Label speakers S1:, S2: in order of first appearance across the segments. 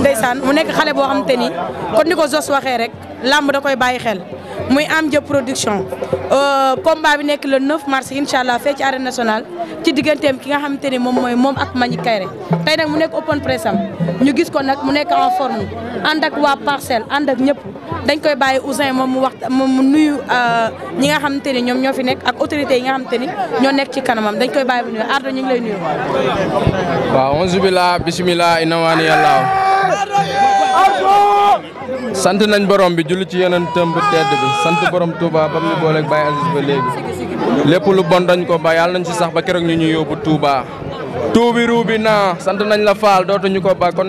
S1: ndeysaan mu nekk xale boo xam te ni kon ni ko Zos waxee rek làmb da koy bàyyi xel muy am jë production euh, combat bi nekk le 9 mars incha allah fee ci arène national ci digganteem ki nga xamante ni moom mooy moom ak Magnick Kaïré tey nag mu nekk open press am ñu gis ko nag mu nekk en forme ànd ak waa parcelle ànd ak ñëpp dañ koy bàyyi Ousin moom mu wax moom mu nuyu euh, ñi nga xamante ni ñoom ñoo fi nekk ak autorités yi nga xamante ni ñoo nekk ci kanamam dañ koy bàyyi bu nuyu Ardo lay nuyu.
S2: waaw sant nañ borom bi julli ci yeneen tëmb tedd bi sant borom Touba bam mu ñu booleeg ba léegi lépp lu bon dañ ko ba yàlla nañ si sax ba keroog ñu ñu yóbbu Touba. tuubi ruubi naa sant nañ la faal dootuñu ko ba kon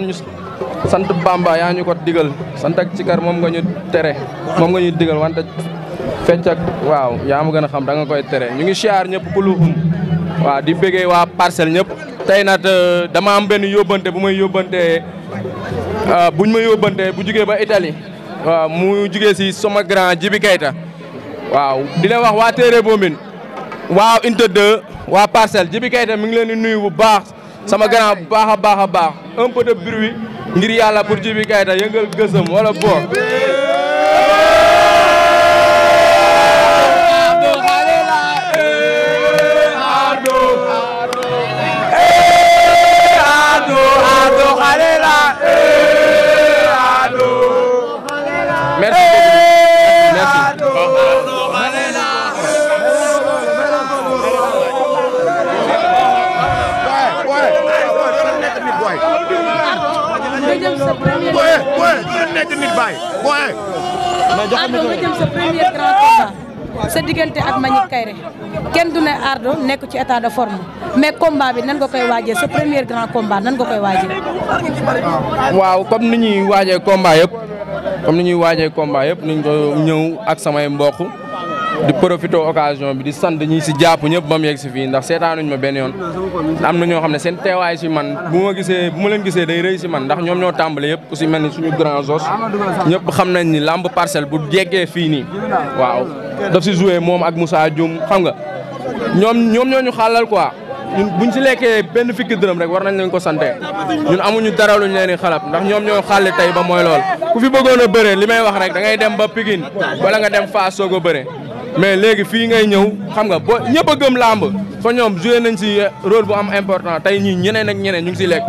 S2: sant Bamba yaa ñu ko digal sant ci cikar moom nga ñu tere moom nga ñu digal wante fecc waaw yaa ma gën a xam da nga koy tere ñu ngi siyaar ñëpp kuluhum waaw di bëggee waa parcelle ñëpp. tey nag euh, dama am yóbbante bu may yóbbantee. Ah, bu ñu ma yóbbante bu jugee ba itali waaw mu jugee si sama grand Jibi Kayta waaw di leen wax waa téere boomin waa unité 2 waa parcelle Jibi Kayta mi ngi leen di nuyu bu baax sama grand bu baax a baax a baax un peu de bruit ngir yàlla pour Jibi Kayta yëngal gësëm wala
S1: ñetti nit Ardo nga jëm premier grand combat sa diggante ak Manick Kayré kenn du ne Ardo nekk ci état de forme mais combat bi nan nga koy waajee sa premier grand combat nan nga koy waajee. waaw
S2: comme ni ñuy waajee combat yëpp comme ni ñuy waajee combat yëpp ni ko ñëw ak samay mbokk. di profité occasion bi di sant ñi si jàpp ñëpp ba yeg yegg si fii ndax seetaanuñ ma benn yoon am na ñoo xam ne seen teewaay si man bu ma gisee bu ma leen gisee day rëy si ndax ñoom ñoo tàmbale yëpp ku si mel ni suñu grand jos ñëpp xam nañ ni lamb parcelle bu jeggee fii nii waaw daf si joué moom ak Moussa Dioum xam nga ñoom ñoom ñoo ñu xàllal quoi ñun buñ si lekkee benn fikki dërëm rek war nañ leen ko sante ñun amuñu dara luñ leen di xalab ndax ñoom ñoo xàlli tey ba mooy lool ku fi bëggoon a bëre li may wax rek da ngay dem ba Pikine wala nga dem Fass soog a bëree mais léegi fii ngay ñëw xam nga boo ñëpp a gëm làmb fa ñoom joué nañ si rôle bu am important tey ñii ñeneen ak ñeneen ñu ngi si lekk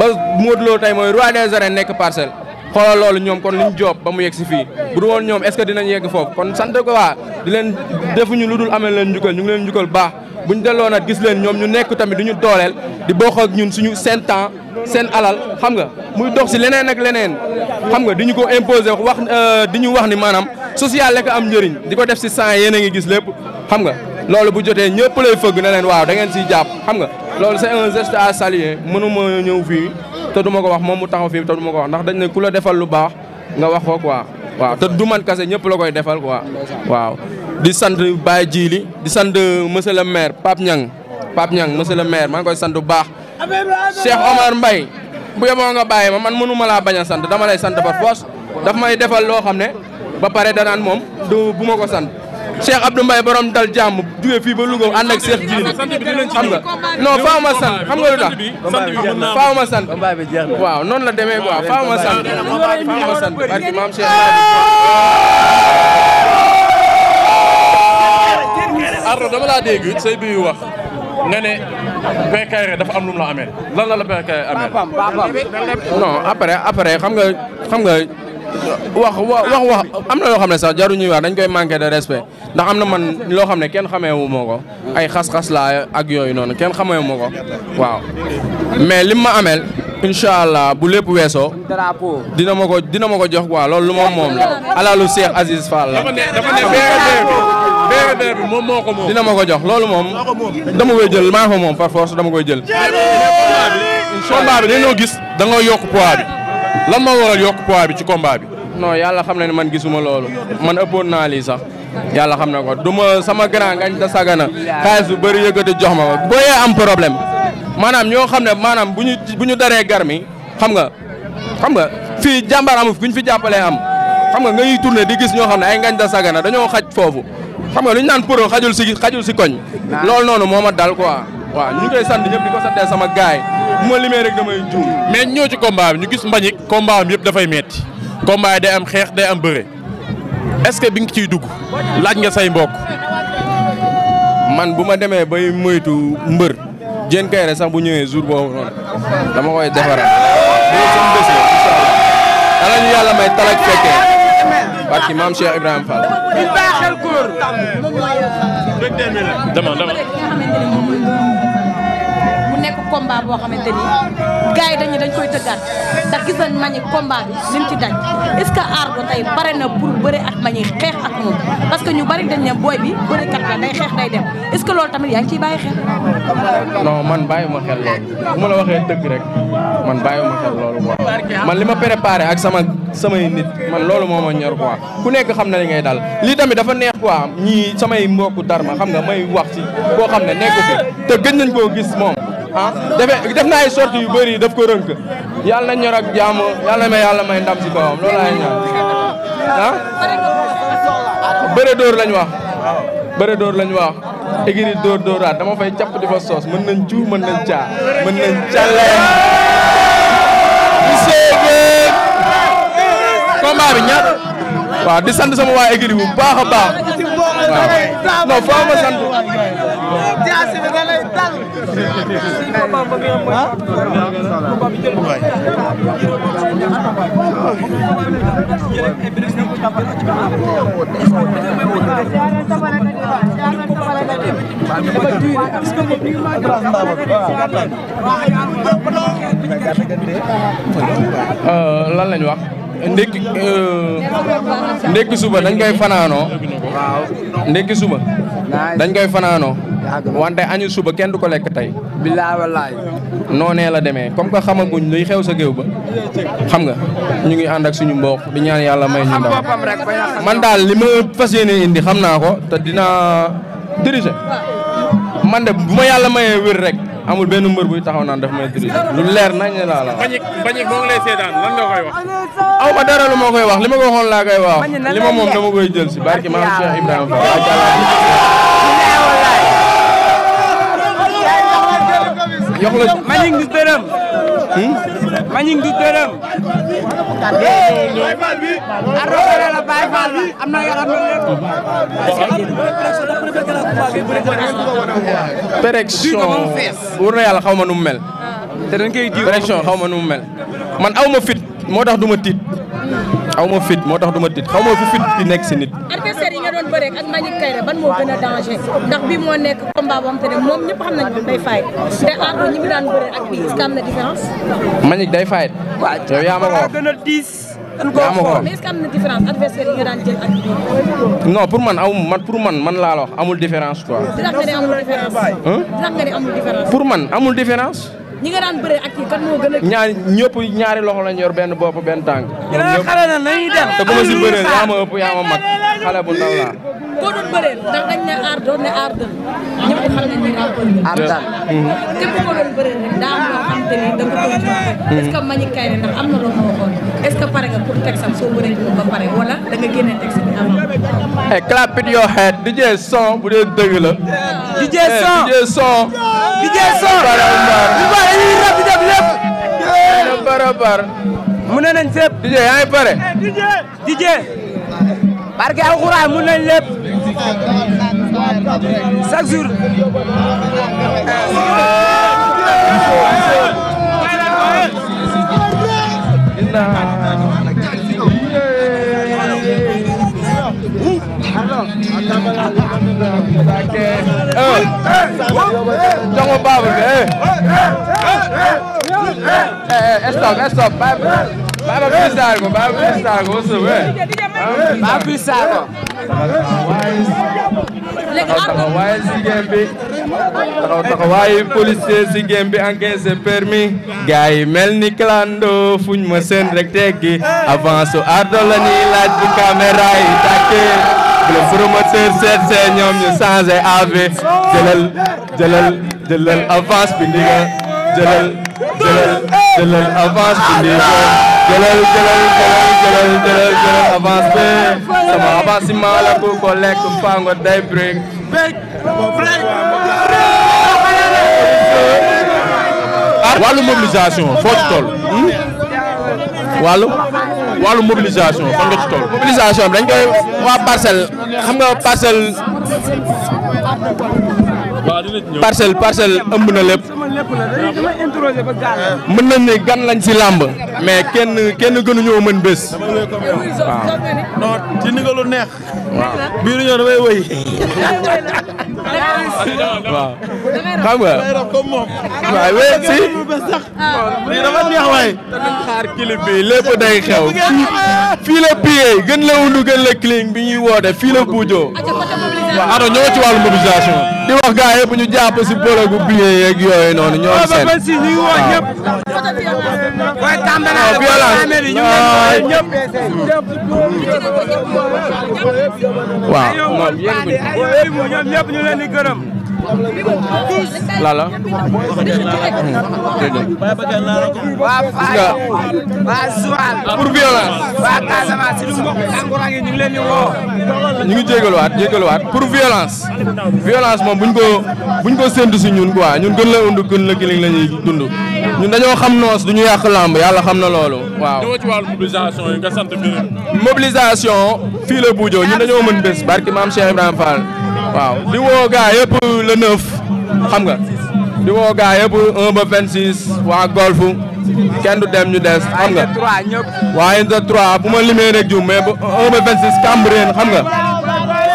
S2: ba Modou Lo tey mooy roi des arènes nekk parcelle xoolal loolu ñoom kon liñ joob ba mu yegg si fii bu du woon ñoom est-ce que dinañ yegg foofu kon sante ko waa leen defuñu lu dul amee leen njukkal ñu ngi leen njukkal baax buñ delloo nag gis leen ñoom ñu nekk tamit du ñu dooleel di bokk ak ñun suñu seen temps seen alal xam nga muy dox si leneen ak leneen xam nga di ñu ko imposer wax euh, di ñu wax ni maanaam social la ko am njëriñ di ko def si sang yéen a ngi gis lépp xam nga loolu bu jotee ñëpp lay fëgg ne leen waaw da ngeen siy jàpp xam nga loolu c'est un geste à saluer mënuma ñëw fii te du ma ko wax moom mu taxaw fii te du ma ko wax ndax dañ ne ku la defal lu baax nga wax ko quoi waaw te du man kase ñëpp la koy defal quoi waaw di sant Baye Djili di sant monsieur le maire Pape Niang Pape Niang monsieur le maire maa ngi koy sant bu baax
S1: Cheikh Omar Mbaye
S2: bu yeboo nga bàyyi ma man mënuma laa bañ a sant dama lay sant par force daf may defal loo xam ne ba pare danaan moom du bu ma ko sant Cheikh Abdou Mbaye borom dal jàmm jóge fii ba Louga ànd ak Cheikh Djily xam nga non faaw ma sant xam nga lu tax faaw ma sant waaw noonu la demee quoi faaw ma sant faaw ma sant barki maam Cheikh Ardo dama laa dégg say bi wax nga ne Bécaye dafa am lu mu la amee lan la la Bécaye amee non après après xam nga wax wax wax am na loo xam ne sax jaru ñuy wax dañ koy manqué de respect ndax am na man loo xam ne kenn xamee wu ko ay xas-xas laa ak yooyu noonu kenn xamee wu ma ko waaw mais lim ma ameel incha allah bu lépp weesoo dina ma ko dina ma ko jox quoi loolu moom moom moo ko moom jox loolu moom dama jël maa moom par force dama koy jël combat bi dañoo gis da yokk poids lan moo waral yokk poids bi ci combat bi. non yàlla xam na ne man gisuma loolu man ëppoon naa lii sax yalla xam na ko du ma sama grand ngañ da sagana xaalis bu bëri yëkkati jox ma bo booyee am problème maanaam ñoo xam ne maanaam bu ñu bu ñu daree garmi xam nga xam nga fii jàmbaar amu fi bu fi jàppalee am xam nga ngay tourné di gis ñoo xam ne ay ngañ da dañoo xaj foofu xam nga lu ñu naan pro xajul si xajul si koñ. loolu noonu moo ma dal quoi. waaw ñu ngi koy sant ñëpp di ko santee sama gaay bu ma limee rek damay juum. mais ñëw ci combat ñu gis mbañik combat am yëpp dafay metti combat yi day am xeex day am bëre est-ce que bi nga ciy dugg laaj nga say mbokk. man bu ma demee bay moytu mbër jën kay sax bu ñëwee jour boobu noonu dama koy defaral. dama dama.
S1: nekk combat boo xamante ni gars yi dañu dañ koy tëggaat ndax gis nañ Magnick combat bi lim ci daj est-ce que Ardo tey na pour bëre ak Magnick xeex que ñu bari dañ ne booy bi que loolu tamit yaa ngi ciy bàyyi xel.
S2: non man bàyyi ma xel loolu ma la waxee dëgg rek man bàyyi ma xel loolu quoi man li ma préparé ak sama samay nit man loolu moo ma ñor quoi ku nekk xam na li ngay dal lii tamit dafa neex quoi ñii samay mbokku darma xam nga may wax ci koo xam ne nekk te gëj nañ koo gis moom. ah defe def naa ay sorties yu bëri daf ko rënk yàlla nañ ñor ak jàmm yàlla may yàlla may ndam si kawam loolu laay
S1: ah? bëre
S2: dóor lañ wax bëre dóor lañ wax égiri dóor dóoraat dama fay capp di fa soos mën nañ cu mën nañ caa mën nañ calleen di seegee
S1: combat bi ñaata
S2: waaw di sant sama waa égiri bu baax a
S1: baax waaw non sant lal.
S2: Euh, lan lañ wax ndekki euh, ndekki suba dañ koy fanaanoo. ndekki suba dañ koy fanaanoo. wante añu suba kenn du ko lekk tey. bilaay walaay. noonee la demee comme que xamaguñ luy xew sa géew ba xam nga ñu ngi ànd ak suñu mbokk di ñaan yàlla may ñu ndaw man daal li ma fas yéene indi xam naa ko te dinaa diriger man de bu ma yàlla mayee wér rek amul benn mbër buy taxaw naan daf may diriger lu leer nañ laa la bañik bañik lay seetaan lan nga koy wax. aw ma dara lu ma koy wax li ma ko waxoon laa koy wax li ma moom dama koy jël si barki maam Cheikh Ibrahima Fall. jox la du dërëm. Mbagnick hmm? du dërëm.
S1: arrobé la Baye Fall la am na am na lépp.
S2: péréction wóor na yàlla xaw ma nu mu mel. te dañ koy jiw péréction ma nu mu aw ma fit moo tax du ma tiit. aw ma fit moo tax du ma tiit xaw ma fu fit di nekk si
S1: rek ak Mbagnick Kaïré ban moo gën a danger ndax bi moo nekk combat boo xam te ne moom ñëpp xam nañ ko day fayit te Ardo ñi mu daan bëre ak bii est-ce que am na différence.
S2: Mbagnick day fayit. yow yaa ma ko wax gën a diis. yaa ma ko wax mais
S1: est-ce que am na différence adversaire yi nga daan jël ak bii.
S2: non pour man amul man pour man man laa la wax amul différence quoi.
S1: dina nga ne amul différence. dina nga ne amul différence.
S2: pour man amul différence.
S1: ñi nga daan bëree kan moo gën a. ñaari
S2: ñëpp ñaari loxo lañ yor benn bopp benn tànk. ñoom ñëpp xale
S1: na nañuy dem. te ku ma si laa. koo doon bëree ndax dañ ne aar doon ne aar dën. am daal. képp ko doon bëree rek daa am loo xam te ni da nga ko doon jox. est ce que Mbagnick Kaïré ndax am na loo ma waxoon est ce que pare nga pour texam soo bëree ñu ba pare wala da nga génne tex bi avant.
S2: et eh, clap it your head DJ son bu dee dëgg la. DJ eh, son DJ son. DJ son barabar bu baax dañuy rab di def lépp. dina barabar. mu ne nañ fépp. DJ yaa ngi pare. DJ. DJ. parce que alxuraan mun nañ lépp. chaque jour. jango Babou eh stop stop Babou Babou Bissar ko Babou Bissar ko so we Babou Bissar ko taxaw taxawaayu Ziguem bi taxaw taxawaayu policier Ziguem bi encaissé permis gars yi mel ni clando fuñ ma seen rek teggi avance su ardo la ñuy laaj bu caméra yi tàkkee le promoteur seet see ñoom ñu changé av jëlal jëlal avance bi ndiga avance bi jëlal jëlal jëlal jëlal jëlal avance bi sama avancement la bu ko lekk fango day break. wàllu mobilisation foo ci toll. Hmm? wàllu
S1: wàllu mobilisation fan nga ci toll.
S2: mobilisation dañ koy
S1: waa parcelle xam nga parcelle.
S2: parcelle parcelle ëmb na lépp. mën nañ ne gan lañ si làmb mais kenn kenn gënuñoo mën bés. waaw. non ci ni nga lu neex. waaw biir ñoo damay wëy. waaw. xam nga.
S1: waaw wéy si. Ah. lii lépp day xew.
S2: fii la piyee gën la wundu gën la cling bi ñuy woote fii la buujoo. waaw ñoo ci wàllu mobilisation. di wax gars yëpp ñu jàpp si polo gu billet yeeg yooyu noonu ñoo seen. waaw ñu ngi woo ñëpp. waaye tàmbalee la ñu ngi woo ñëpp. leen di gërëm. lala waa Faye waa Joal pour violence waa Casamance suñu mbokk yi ñu ngi leen di woo ñu pour violence violence moom buñ ko buñ ko séntu si ñun quoi ñun gën la undu gën la giling la ñuy dund ñun dañoo xam noos du ñu yàq làmb yàlla xam na loolu waaw ñëw yi nga sant bi mobilisation fii la buujoo ñun dañoo mën bés barki maam Cheikh Ibrahima Fall waaw di woo gaa yëpp le 9 xam nga di woo gaa yëpp 1 ba 26 waa golf kenn du dem ñu des xam nga waa Inza 3 bu ma limee rek jum mais ba 1 ba 26 xam nga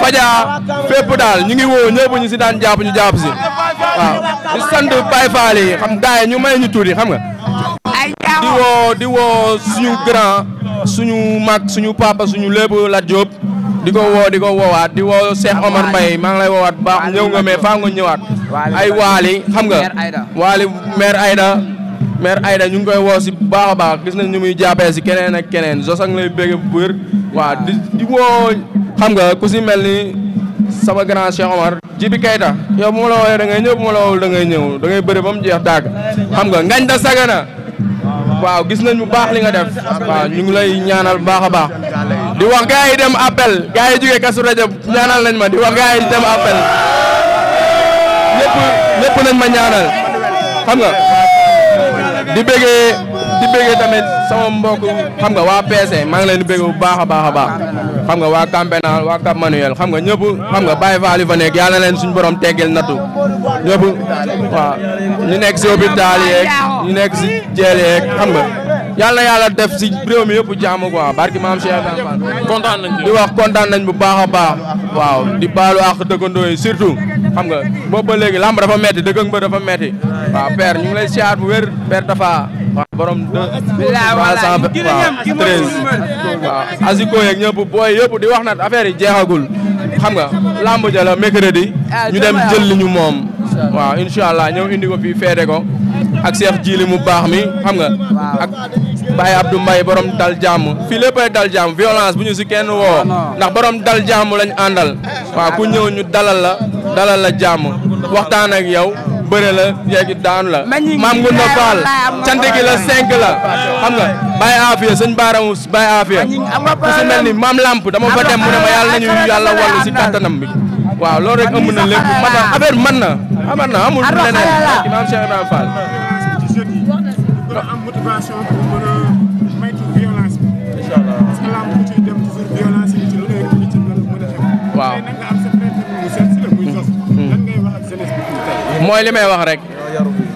S2: fajaa fépp daal ñu ngi woo ñëpp ñu si daan jàpp ñu jàpp si waaw di sant Baye Fall xam gaa ñu may ñu tuuti xam nga di woo di woo suñu grand suñu mag suñu papa suñu lépp la Diop di ko woo di ko woowaat di woo Cheikh Omar Mbaye maa ngi lay woowaat baax ñëw nga mais faa nga ñëwaat ay waali xam nga waali maire Aïda maire Aïda ñu ngi koy woo si baax a baax gis nañ ñu muy jàppee si keneen ak keneen zosang lay bégge bu wér waaw di di woo nga ku si mel ni sama grand Cheikh Omar Jibi Kayta yow bu ma ngay ñëw bu da ngay ñëw da bëri mu jeex dàgg xam nga ngañ da sagana waaw gis nañ bu baax li nga def waaw ñu lay ñaanal baax a baax di wax gars yi dem appel gars yi jógee Kazu Rajab ñaanal nañ ma di wax gars dem appel ñëpp ñëpp nañ ma ñaanal xam nga di bëggee di bëggee tamit sama mbokk xam nga waa PC maa ngi leen di bëggee bu baax a baax a baax xam nga waa Camp Pénal waa Cap Manuel xam nga ñëpp xam nga baa Fall yi fa nekk yàlla na leen suñu borom teggeel nattu ñëpp waaw ñu nekk si hôpital yeeg ñu nekk si jeel xam nga. yàlla yàlla def si réew mi yëpp jàmm quoi barki maam Cheikh Ibrahima Fall. kontaan nañ di wax kontaan nañ bu baax a baax. waaw di baalu ak dëkkandoo yi xam nga boobu ba léegi lamb dafa metti dëkk ba dafa metti waaw père ñu ngi lay siyaar bu wér père dafa waaw borom de. waaw cent waaw treize. waaw asiko yeeg ñëpp booy yëpp di wax nag affaire yi jeexagul xam nga lamb ja la mercredi. Ah, ñu dem jël ñu moom. waaw incha allah ñëw indi ko fii feete ko. ak Cheikh Jili mu baax mi xam nga. ak Baye du Mbaye borom dal jàmm fii léppay dal jàmm violence bu ñu si kenn woo. Ah, ndax borom dal jàmm lañ àndal. waaw ku ñëw ñu dalal la dalal la jàmm waxtaan ak yow. bëre la yeegi daanu la maam ngu na faal cant gi la cinq la xam nga bàyyi aafiya sëñ baaramu bàyyi aafiya ku si mel ni maam lamp dama fa dem mu ne ma yàlla nañu yàlla wàllu si kattanam bi waaw loolu rek ëmb na na amul leneen a maytu waaw tey nag
S1: nga hmm.
S2: wax li may wax rek.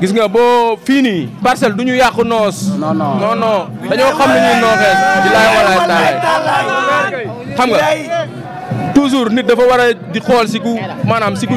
S2: gis nga boo fii nii parcelle du ñu yàqu noos. non non non dañoo xam ne ñuy nooxee. bilaay walaay
S1: taalaay xam nga
S2: nit dafa war di xool si ku maanaam si ku